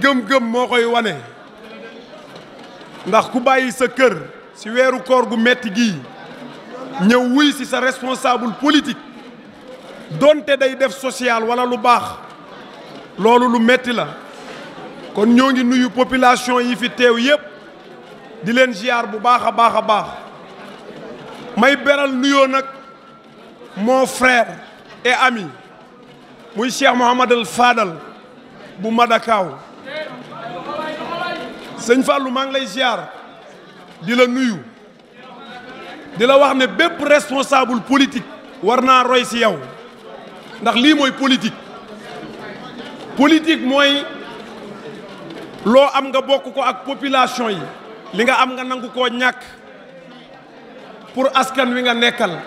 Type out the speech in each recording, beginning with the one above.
gëm-gëm moo koy wane ndax ku bàyyi sa kër ci weeru koor gu metti gii ñëw wuy si sa responsaabul politique donte day def social walla lu baax loolu lu metti la kon ñoo ngi nuyu population yi fi teew yépp di leen ziar bu baax a baax a baax may beral nuyoo nag moo frère et ami muy Cheikh Mouhamadal Fadal bu Madakaw sëñ Fallou maa ngi lay ziar di la nuyu di la wax ne bépp responsable politique war naa roy ci yow ndax lii mooy politique politique mooy loo am nga bokk ko ak population yi li nga am nga nangu ko ñàkk pour askan wi nga nekkal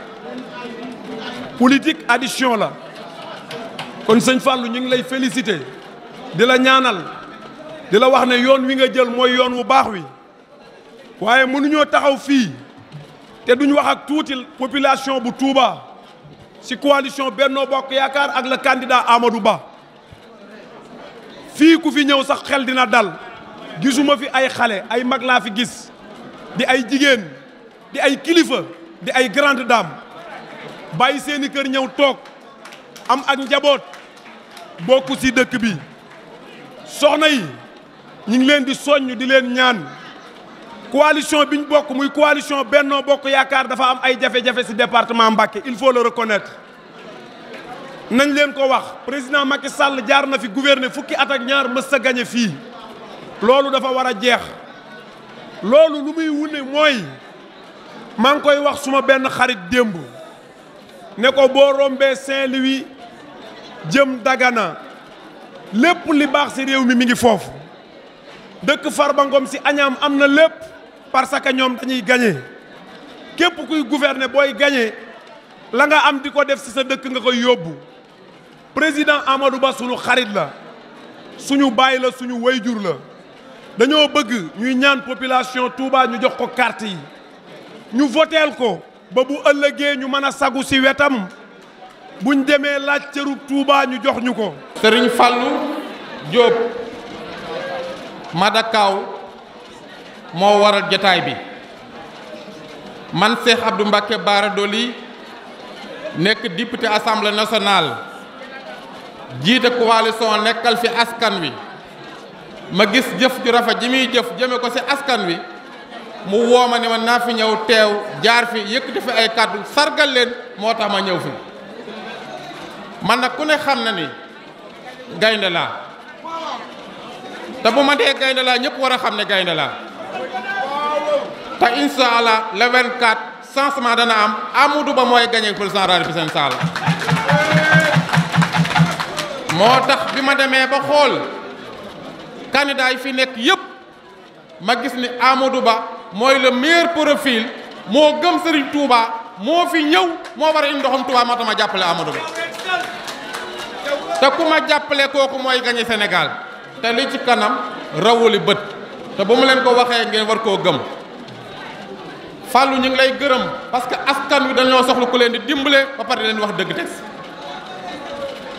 politique addition la kon sëñ Fallou ñu ngi lay féliciter di la ñaanal di la wax ne yoon wi nga jël mooy yoon wu baax wi waaye mënuñoo taxaw fii te duñ wax ak tuuti population bu Touba ci coalition Benno Bokk Yaakaar ak le candidat Amadou Ba fii ku fi ñëw sax xel dina dal gisuma fi ay xale ay mag laa fi gis di ay jigéen di ay kilifa di ay grande dame bàyyi seeni kër ñëw toog am ak njaboot bokku ci dëkk bi soxna yi ñu ngi leen di soññ di leen ñaan coalition biñ bokk muy coalition Benno Bokk Yaakaar dafa am ay jafe-jafe ci département Mbacké il faut le reconnaître nañ leen ko wax président Macky sàll jaar na fi gouverner fukki atak ñaar mës sa gañe fii loolu dafa war a jeex loolu lu muy wune mooy maa ngi koy wax suma benn xarit démb ne ko boo rombee Saint-Louis jëm Dagana lépp li baax ci réew mi mi ngi foofu dëkk farbangoom si añam am na lépp parce que ñoom dañuy gañe képp kuy gouverner booy gagné la nga am di ko def si sa dëkk nga koy yóbbu président Amadou Ba suñu xarit la suñu bàyyi la suñu wayjur la dañoo bëgg ñuy ñaan population Touba ñu jox ko carte yi ñu voteel ko ba bu ëllëgee ñu mën a sagu si wetam buñ demee laaj cëru Touba ñu jox ñu ko. Serigne Fallou Diop. Madakaw moo waral jataay bi man Cheikh Abdou Mbacké Bara Dolly nekk député assemblée nationale jiite coalition nekkal fi askan wi ma gis jëf ju rafet ji muy jëf jëme ko ci askan wi mu woo ma ne ma naa ñëw teew jaar fi yëkkati fi ay kàddu sargal moo tax ma ñëw fi man nag ku ne xam na ni gaynde laa te bu ma dee gaynde laa ñëpp war a xam ne gaynde laa te incha allah le 24 changement dana am Amadou Ba mooy gagné président rajo bi seen saal moo tax bi ma demee ba xool candidat yi fi nekk yépp ma gis ni Amadou Ba mooy le meilleur profil moo gëm Serigne tuuba moo fi ñëw moo war a indi ndoxam moo tax ma jàppale Amadou Ba te ku ma jàppale kooku mooy gagné Sénégal. te li ci kanam rawuli bët te bu mu leen ko waxee ngeen war koo gëm fàllu ñu ngi lay gërëm parce que askan wi dañoo soxla ku leen di dimbale ba pare leen wax dëgg des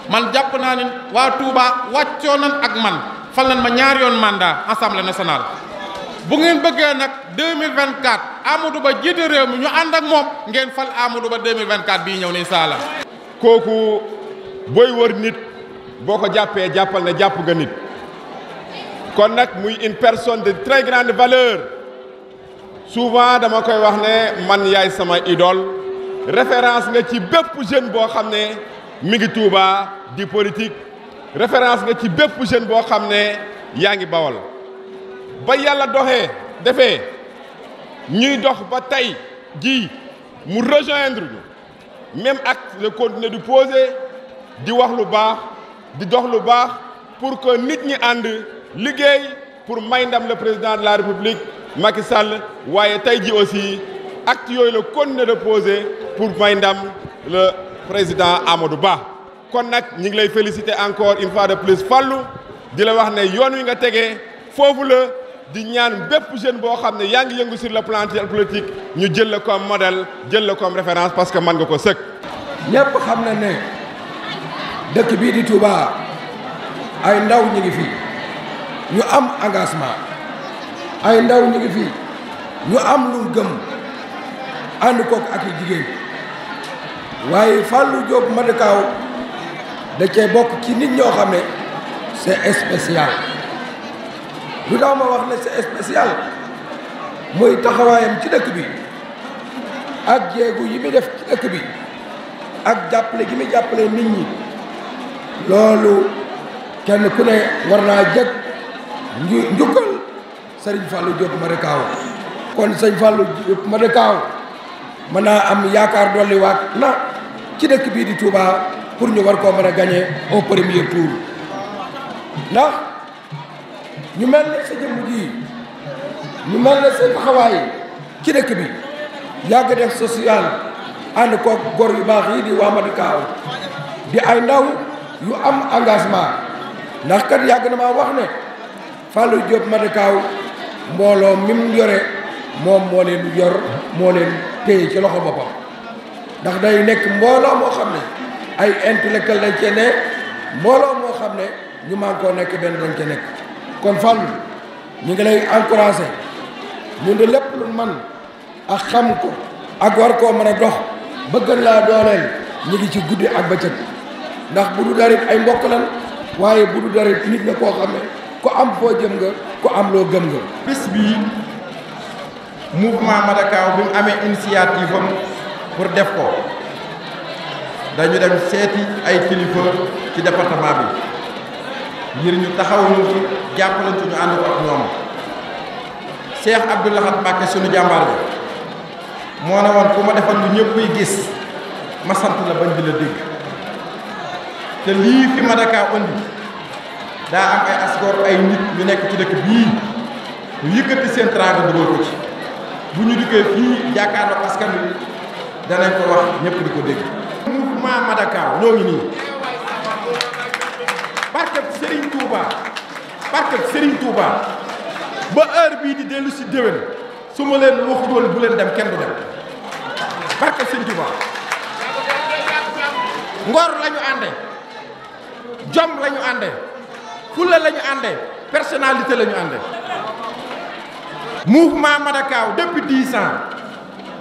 man jàpp naa ni waa Touba wàccoo nan ak man fal nan ma ñaar yoon mandat assemblée nationale bu ngeen bëggee nag 2024 Amadou Ba jiite réew mi ñu ànd ak moom ngeen fal Amadou Ba 2024 bii ñëw ne saala kooku booy wër nit boo ko jàppee jàppal ne jàpp nga nit kon nag muy une personne de très grande valeur souvent dama koy wax ne man yaay sama idole référence nga ci bépp jeune boo xam ne mi ngi Touba di politique référence nga ci bépp jeune boo xam ne yaa ngi bawal ba yàlla doxee defee ñuy dox ba tey ji mu rejoindre ñu même acte de du di di wax lu baax di dox lu baax pour que nit ñi ànd liggéey pour may ndam le président de la république Macky Sall waaye tey ji aussi acte yooyu la continuer de poser pour may ndam le président Amadou Ba kon nag ñi ngi lay féliciter encore une fois de plus Fallou di la wax ne yoon wi nga tege foofu la di ñaan bépp jeune boo xam ne yaa ngi yëngu sur le plan politique ñu jël la comme modèle jël la comme référence parce que mën nga ko sëkk. ñëpp xam na ne dëkk bii di Touba ay ndaw ñu ngi fii ñu am engagement ay ndaw ñu ngi fii ñu am lu gëm ànd kook ak jigéen waaye Fallou Diop Madakaw da cee bokk ci nit ñoo xam ne c'est spécial lu daaw ma wax ne c'est spécial mooy taxawaayam ci dëkk bi ak jéegu yi mu def ci dëkk bi ak jàppale gi mu jàppale nit ñi loolu kenn ku ne war naa jëkk njukkal sëriñ Fallou Diop Madakaw kon sëñ Fallou Diop Madakaw mën naa am yaakaar dolli na ci dëkk bii di Touba pour ñu war koo mën a gagné au premier tour ndax ñu mel ne sa jëmm ji ñu mel ne sa taxawaay ci dëkk bi yàgg def social ànd koog góor yu baax yi di waa Madakaw di ay ndaw yu am engagement ndax kat yàgg na maa wax ne fal Fallou Diop Madakaw mbooloo mi yore moom moo leen yor moo leen téye ci loxo boppam ndax day nekk mbooloo moo xam ne ay intellectuel dañ cee ne mbooloo moo xam ne ñu man koo nekk benn dañ ci nekk kon Fallou ñu ngi lay encouragé ñun de lépp lu man a xam ko ak war koo mën a dox bëggan laa dooleel ñu di ci guddi ak bëccëg ndax bu du darit ay mbokk lan waaye bu du darit nit na koo xam ne ku am foo jëm nga ku am loo gëm nga bés bii mouvement Madakaw bi mu amee initiative am pour def ko dañu dem seeti ay kilifa ci département bi ngir ñu taxawuñu ñu ci jàppale ci ñu ànd ko ak ñoom Cheikh Abdou Lahad Mbacké suñu jàmbaar bi moo ne woon ku ma defal lu ñëppay gis ma sant la bañ di la te lii fi Madakaw indi daa am ay asgoor ay nit ñu nekk ci dëkk bii ñu yëkkati seen tranga dugal ko ci bu ñu dikkee fii jàkkaarloo askan wi danañ ko wax ñëpp di ko dégg. mouvement Madakaw ñoo ngi nii barke Serigne Touba barke Serigne Touba ba heure bii di dellu si déwén su ma leen waxutoon bu leen dem kenn du dem barke Serigne Touba ngor la ànde jom la ànde fulla la ñu àndee personnalité la ñu àndee mouvement Madakaw depuis dix ans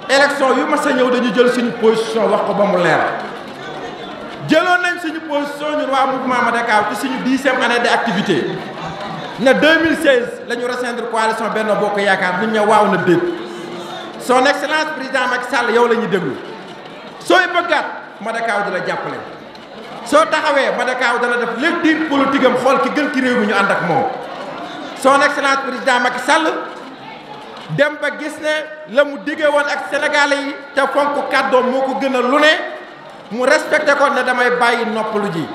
élection yu mas a ñëw dañuy jël suñu position wax ko ba mu leer jëloon nañ suñu position ñun waa mouvement Madakaw ci suñu de année d'activité ne 2016 la ñu rejoindre coalition Benno Bokk Yaakaar bu ñu ne waaw na déet son excellence président Macky Sall yow la ñuy déglu sooy bëggaat Madakaw di la jàppale. soo taxawee Madakaw dana def lépp diir politique xool ki gën ci réew mi ñu ànd ak moom son excellence président Macky sàll dem ba gis ne la mu diggee woon ak sénégalais yi te fonk kàddoom moo ko gën a lu ne mu respecté ko ne damay bàyyi noppalu ji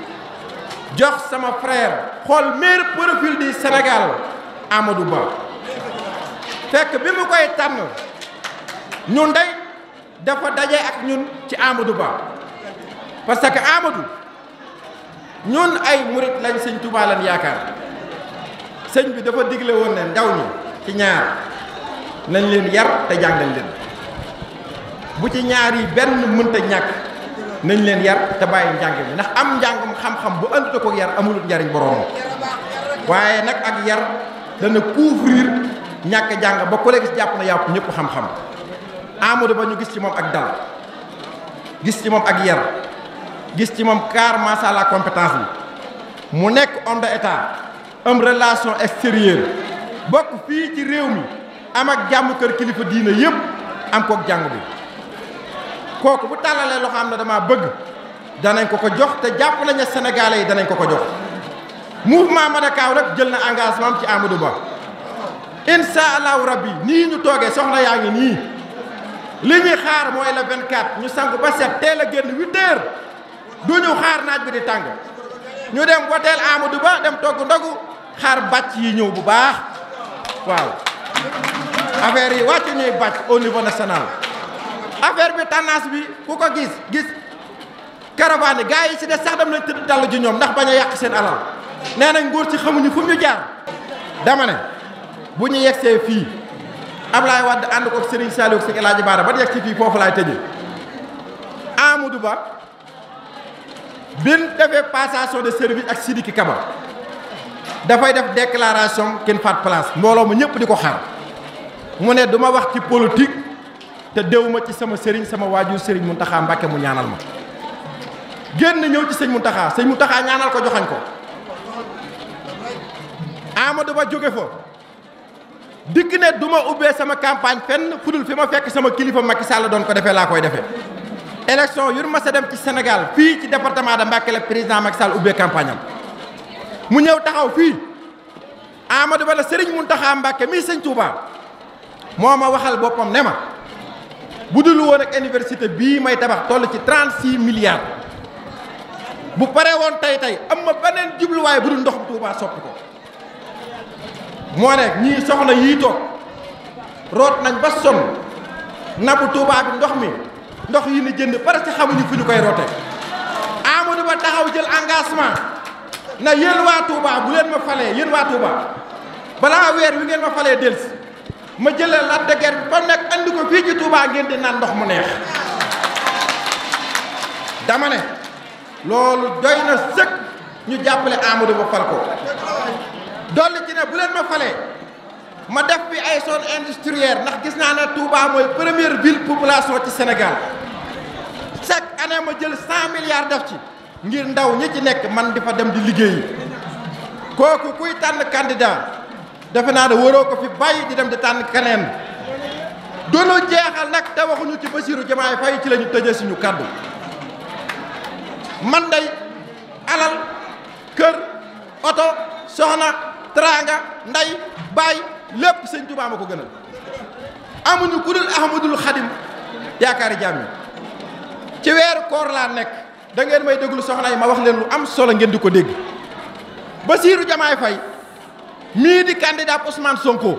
jox sama frère xool meilleur profil du Sénégal Amadou Ba fekk bi mu koy tànn ñun day dafa daje ak ñun ci Amadou Ba. parce que Amadou ñun ay murit lañ sëñ Touba lañ yaakaar sëñ bi dafa digle woon ne ndaw ñi ci ñaar nañ leen yar te jàngal leen bu ci ñaar yi benn mënta ñàkk nañ leen yar te bàyyi njàng mi ndax am njàngum xam-xam bu ëndute ko yar amulut njariñ borom waaye nag ak yar dana couvrir ñàkk jàng ba ku gis jàpp na yàpp ñëpp xam-xam Amadou ba ñu gis ci moom ak dal gis ci moom ak yar gis ci moom carrément ça la compétence mu nekk homme d'état am relation extérieure bokk fii ci réew mi am ak jàmm kër kilifa diina yëpp am kook jàngu bi kooku bu tàllalee loo xam ne dama bëgg danañ ko ko jox te jàpp nañ ne yi danañ ko ko jox mouvement Madakaw rek jël na engagement ci Amadou Ba incha allahu rabbi nii ñu toogee soxna yaa ngi nii li ñuy xaar mooy le 24 ñu sangu ba set teel a génn 8 du ñu xaar naaj bi di tàng ñu dem woteel Amadou Ba dem togg ndogu xaar bàcc yi ñëw bu baax waaw affaire yi wàccu ñuy bàcc au niveau national affaire bi tendance bi ku ko gis gis caravane gars yi si des sax dem nañ tëdd dal ji ñoom ndax bañ a yàq seen alal nee nañ nguur ci xamuñu fu ñu jaar dama ne bu ñu yegsee fii Ablaye Wade ànd ko Serigne Saliou ak Serigne El Hadji Bara ba yegsi fii foofu laay tëjee Amadou Ba bi ñu defee passation de service ak Sidiki Kaba dafay def déclaration kenn faat place mbooloo ma ñëpp di ko xar mu ne du wax ci politique te déw ci sama sëriñ sama waajur sëriñ Mountakha Mbacké mu ñaanal ma génn ñëw ci sëñ mu taxaa sëñ mu taxaa ñaanal ko joxañ ko Amadou Ba jóge fo dikk ne du ma ubbee sama campagne fenn fudul fi ma fekk sama kilifa Macky Sall doon ko defee laa koy defee élection yu mas a dem ci senegal fii ci departement de Mbacké la président Macky Sall ubbee campagne mu ñëw taxaw fii Amadou Ba la Serigne Mountakha Mbacké mii sëñ Touba moo ma waxal boppam ne ma bu dul woon ak université bii may tabax toll ci 36 milliards bu pare woon tey tey am ma beneen jubluwaay bu dul ndoxum Touba soppi ko moo ne ñii soxna yii toog root nañ ba sonn nabu Touba bi ndox mi. ndox yi ñu jënd parce que xamuñu fu ñu koy roote Amadou Ba taxaw jël engagement na yéen waa Touba bu leen ma falee yéen waa Touba balaa weer wi ngeen ma falee delsi ma jëlee Lac de Guiers bi ba nekk andi ko fii ci Touba ngeen di naan ndox mu neex dama ne loolu doy na sëkk ñu jàppale Amadou Ba fal ko dolli ci ne bu leen ma falee ma def bi ay zone industrielle ndax gis naa ne Touba mooy première ville population ci senegal chaque ma jël cent milliards def ci ngir ndaw ñi ci nekk man di fa dem di liggéeyi kooku kuy tànn candidat defe naa ne waroo ko fi bàyyi di dem di tànn keneen du nu jeexal nag te waxuñu ci Bassirou Diomaye Faye ci la ñu tëjee suñu kàddu man day alal kër oto soxna teraanga nday baay lépp sëñ Tuubaa ma ko gënal amuñu ku dul Ahmadul Xadim yaakaari jaam yi ci weeru koor laa nekk da ngeen may déglu soxna ma wax leen lu am solo ngeen di ko dégg basiiru Diomaye fay mii di candidat Ousmane Sonko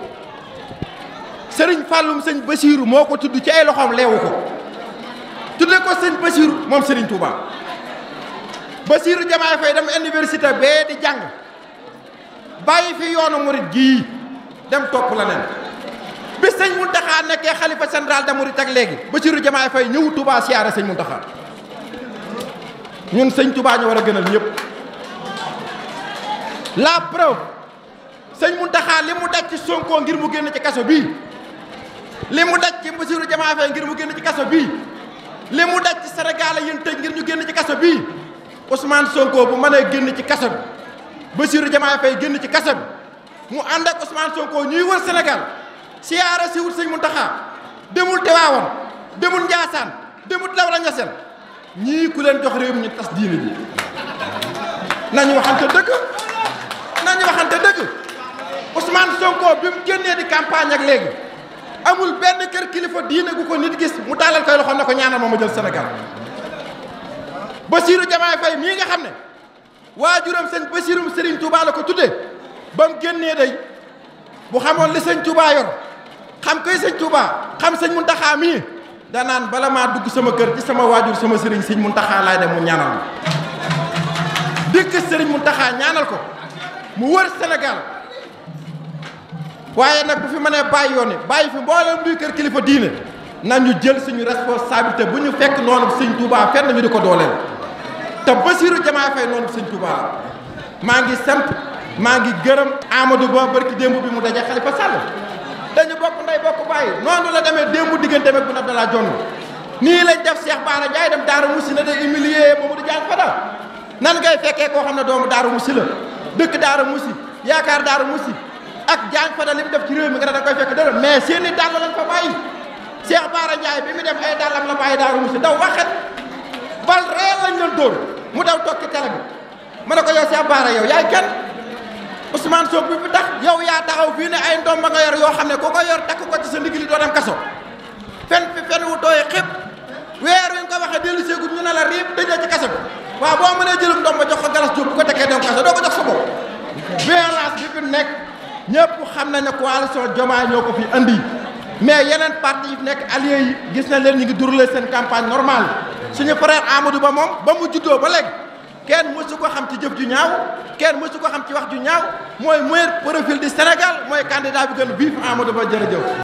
sëriñ fàllum sëñ basiiru moo ko tudd ci ay loxoom leewu ko tudde ko sëñ Bassirou moom sëriñ Touba Bassirou Diomaye Faye dem université bee di jàng bàyyi fi yoonu murit gii dem topp la nen bi sëñ Muntaxa nekkee xalifa général de Mouride ak léegi Bassirou Diomaye Faye ñëw Touba siyaare sëñ Muntaxa ñun sëñ Touba ñu war a gënal ñëpp la preuve sëñ Muntaxa li mu daj ci Sonko ngir mu génn ci kaso bii li mu daj ci Bassirou Diomaye Faye ngir mu génn ci kaso bii li mu daj ci Sénégal yéen tëj ngir ñu génn ci kaso bii Ousmane Sonko bu mënee génn ci kaso bi Bassirou Diomaye Faye génn ci kaso bi mu ànd ak Ousmane Sonko ñuy wër Sénégal siyaara si wut mu Muntaxa demul Tiwaawan demul Njaasaan demul Lawra Ñaseen ñii ku leen jox réew mi ñu tas diine ji nañu waxante dëgg nañu waxante dëgg Ousmane Sonko bi mu génnee di campagne ak léegi amul benn kër kilifa diine gu ko nit gis mu taalal koy loxo ne ko ñaanal moom ma jël Sénégal Bassirou Diomaye Faye mii nga xam ne waajuram sëñ Bassirum Serigne Touba la ko tuddee ba mu génnee day bu xamoon li sëñ Touba yor xam koy sëñ Touba xam sëñ Muntaxa mii danaan bala maa dugg sama kër ci sama waajur sama sëriñ sëñ Muntaxa laay dem mu ñaanal ma dikk sëriñ Muntaxa ñaanal ko mu wër senegal waaye nag bu fi mënee bàyyi yoon bàyyi fi mboolem luy kër kilifa diine nan ñu jël suñu responsabilité bu ñu fekk noonu sëñ Touba fenn bi di ko dooleel te Bassirou Diomaye Faye noonu sëñ Touba la maa ngi sant maa ngi gërëm Amadou Ba barki démb bi mu daje Khalifa Sall dañu bokk ndey bokk baay noonu la demee démb diggante meeg bu na Abdallah Jonn nii lañ def Cheikh Bara Ndiaye dem Daaru Musi na de humilier Mamadou Diagne Fada nan ngay fekkee koo xam ne doomu Daaru Musi la dëkk Daaru Musi yaakaar Daaru Musi ak Diagne Fada li mu def ci réew mi nga ne da koy fekk dara mais seen i dàll lañ fa bàyyi Cheikh Bara Ndiaye bi mu dem ay daal la bàyyi Daaru Musi daw waxet bal réel lañ leen dóor mu daw toog ci bi ma ne ko yow Cheikh Bara yow yaay kenn Ousmane Sow bi fi tax yow yaa taxaw fii ne ay ndomba nga yor yoo xam ne koo ko yor takk ko ci sa ndigli doo dem kaso fen fi fen wu tooy xëpp weer wi nga ko waxee dellu seegul ñu ne la te tëj ci kaso bi waaw boo mënee jël ndomba jox ko galas jóob bu ko tekkee dem kaso doo ko jox sa bopp violence bi fi nekk ñëpp xam nañ ne coalition Diomaye ñoo ko fi indi mais yeneen parti yi fi nekk allié yi gis na leen ñu ngi durale seen campagne normale suñu frère Amadou Ba moom ba mu juddoo ba léegi kenn mësu ko xam ci jëf ju ñaaw kenn mësu ko xam ci wax ju ñaaw mooy meilleur profil du Sénégal mooy candidat bi gën vif Amadou Ba jërëjëf